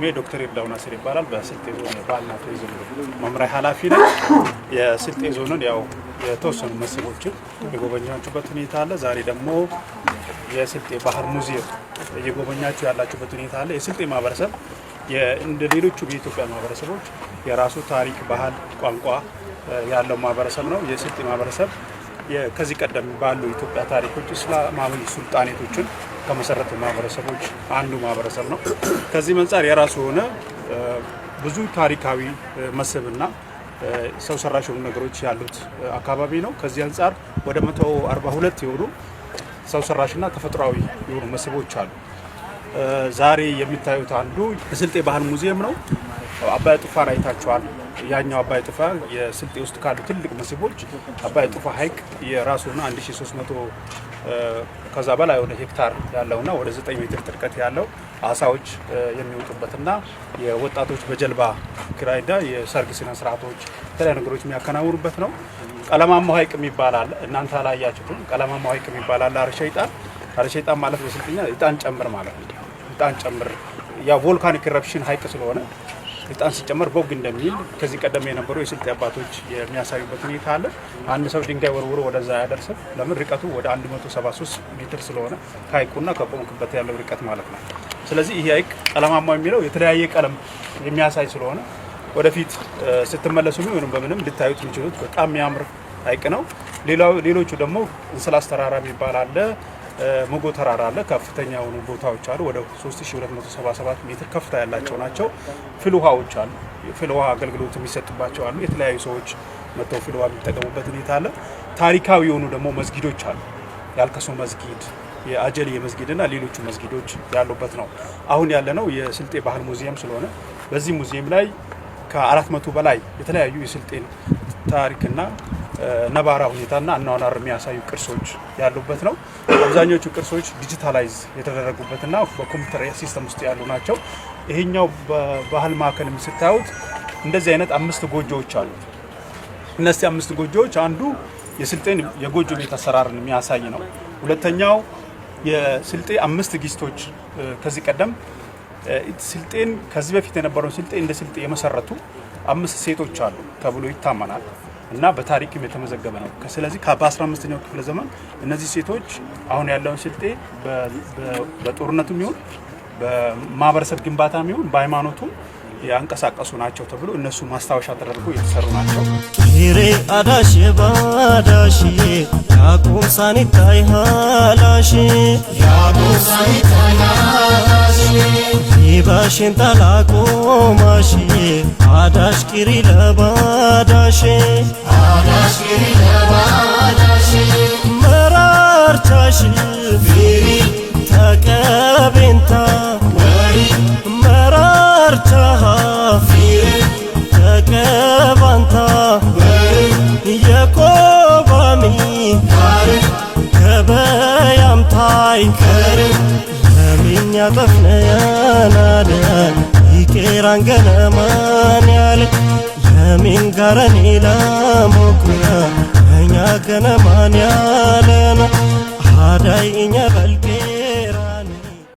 ስሜ ዶክተር ይርዳው ናስር ይባላል። በስልጤ ዞን ባህልና ቱሪዝም መምሪያ ኃላፊ ነው። የስልጤ ዞንን ያው የተወሰኑ መስህቦችን የጎበኛችሁበት ሁኔታ አለ። ዛሬ ደግሞ የስልጤ ባህር ሙዚየም እየጎበኛችሁ ያላችሁበት ሁኔታ አለ። የስልጤ ማህበረሰብ እንደ ሌሎቹ የኢትዮጵያ ማህበረሰቦች የራሱ ታሪክ፣ ባህል፣ ቋንቋ ያለው ማህበረሰብ ነው። የስልጤ ማህበረሰብ ከዚህ ቀደም ባሉ ኢትዮጵያ ታሪኮች እስላማዊ ሱልጣኔቶችን ከመሰረተ ማህበረሰቦች አንዱ ማህበረሰብ ነው። ከዚህ አንጻር የራሱ የሆነ ብዙ ታሪካዊ መስህብና ሰው ሰራሽ የሆኑ ነገሮች ያሉት አካባቢ ነው። ከዚህ አንጻር ወደ 142 የሆኑ ሰው ሰራሽና ተፈጥሯዊ የሆኑ መስህቦች አሉ። ዛሬ የሚታዩት አንዱ የስልጤ ባህል ሙዚየም ነው። አባይ ጡፋን አይታችኋል። ያኛው አባይ ጡፋ የስልጤ ውስጥ ካሉ ትልቅ መስህቦች አባይ ጡፋ የራሱ የራሱና 1300 ከዛ በላይ የሆነ ሄክታር ያለውና ወደ 9 ሜትር ጥልቀት ያለው አሳዎች የሚወጡበትና የወጣቶች በጀልባ ኪራይና የሰርግ ስነ ስርዓቶች የተለያዩ ነገሮች የሚያከናውኑበት ነው። ቀለማማው ሐይቅ የሚባል እናንተ አላያችሁትም። ቀለማማው ሐይቅ የሚባል አለ። አርሸ ይጣን አርሸ ማለት በስልጥኛ እጣን ጨምር ማለት ነው። ጨምር ያ ቮልካኒክ ስለሆነ እጣን ሲጨመር ቦግ እንደሚል ከዚህ ቀደም የነበሩ የስልጤ አባቶች የሚያሳዩበት ሁኔታ አለ። አንድ ሰው ድንጋይ ወርውሮ ወደዛ ያደርስም። ለምን ርቀቱ ወደ 173 ሜትር ስለሆነ ከሀይቁና ከቆምክበት ያለው ርቀት ማለት ነው። ስለዚህ ይህ ሀይቅ ቀለማማ የሚለው የተለያየ ቀለም የሚያሳይ ስለሆነ ወደፊት ስትመለሱ ወይም በምንም ልታዩት የሚችሉት በጣም የሚያምር ሀይቅ ነው። ሌሎቹ ደግሞ እንስላስ ተራራ የሚባል አለ። ሙጎ ተራራ አለ። ከፍተኛ የሆኑ ቦታዎች አሉ። ወደ 3277 ሜትር ከፍታ ያላቸው ናቸው። ፍል ውሃዎች አሉ። ፍል ውሃ አገልግሎት የሚሰጥባቸው አሉ። የተለያዩ ሰዎች መጥተው ፍል ውሃ የሚጠቀሙበት ሁኔታ አለ። ታሪካዊ የሆኑ ደግሞ መዝጊዶች አሉ። ያልከሶ መዝጊድ፣ የአጀሌ መዝጊድና ሌሎቹ መዝጊዶች ያሉበት ነው። አሁን ያለነው የስልጤ ባህል ሙዚየም ስለሆነ በዚህ ሙዚየም ላይ ከአራት መቶ በላይ የተለያዩ የስልጤን ታሪክና ነባራ ሁኔታና አኗኗር የሚያሳዩ ቅርሶች ያሉበት ነው። አብዛኞቹ ቅርሶች ዲጂታላይዝ የተደረጉበትና በኮምፒውተር ሲስተም ውስጥ ያሉ ናቸው። ይሄኛው በባህል ማዕከል ስታዩት እንደዚህ አይነት አምስት ጎጆዎች አሉ። እነዚህ አምስት ጎጆዎች አንዱ የስልጤን የጎጆ ቤት አሰራርን የሚያሳይ ነው። ሁለተኛው የስልጤ አምስት ጊስቶች ከዚህ ቀደም ስልጤን ከዚህ በፊት የነበረውን ስልጤ እንደ ስልጤ የመሰረቱ አምስት ሴቶች አሉ ተብሎ ይታመናል። እና በታሪክም የተመዘገበ ነው። ስለዚህ በ15ኛው ክፍለ ዘመን እነዚህ ሴቶች አሁን ያለውን ስልጤ በጦርነቱ ይሁን በማህበረሰብ ግንባታ ይሁን በሃይማኖቱ ያንቀሳቀሱ ናቸው ተብሎ እነሱ ማስታወሻ ተደርጎ የተሰሩ ናቸው። አዳሽ ባዳሽ ዳሽን ጠላቆ ማሼ አዳሽ ቂሪ ለባዳሼ መራርቻሽ ተቀቤንታ መራርቻ ተቀባንታ የቆባሚ ከበ ታይ አይቀርም ለምኛ ጠፍነያናለ ይቄራን ገነማን ያል ለሚን ጋረኒ ለሞኩያ እኛ ገነማን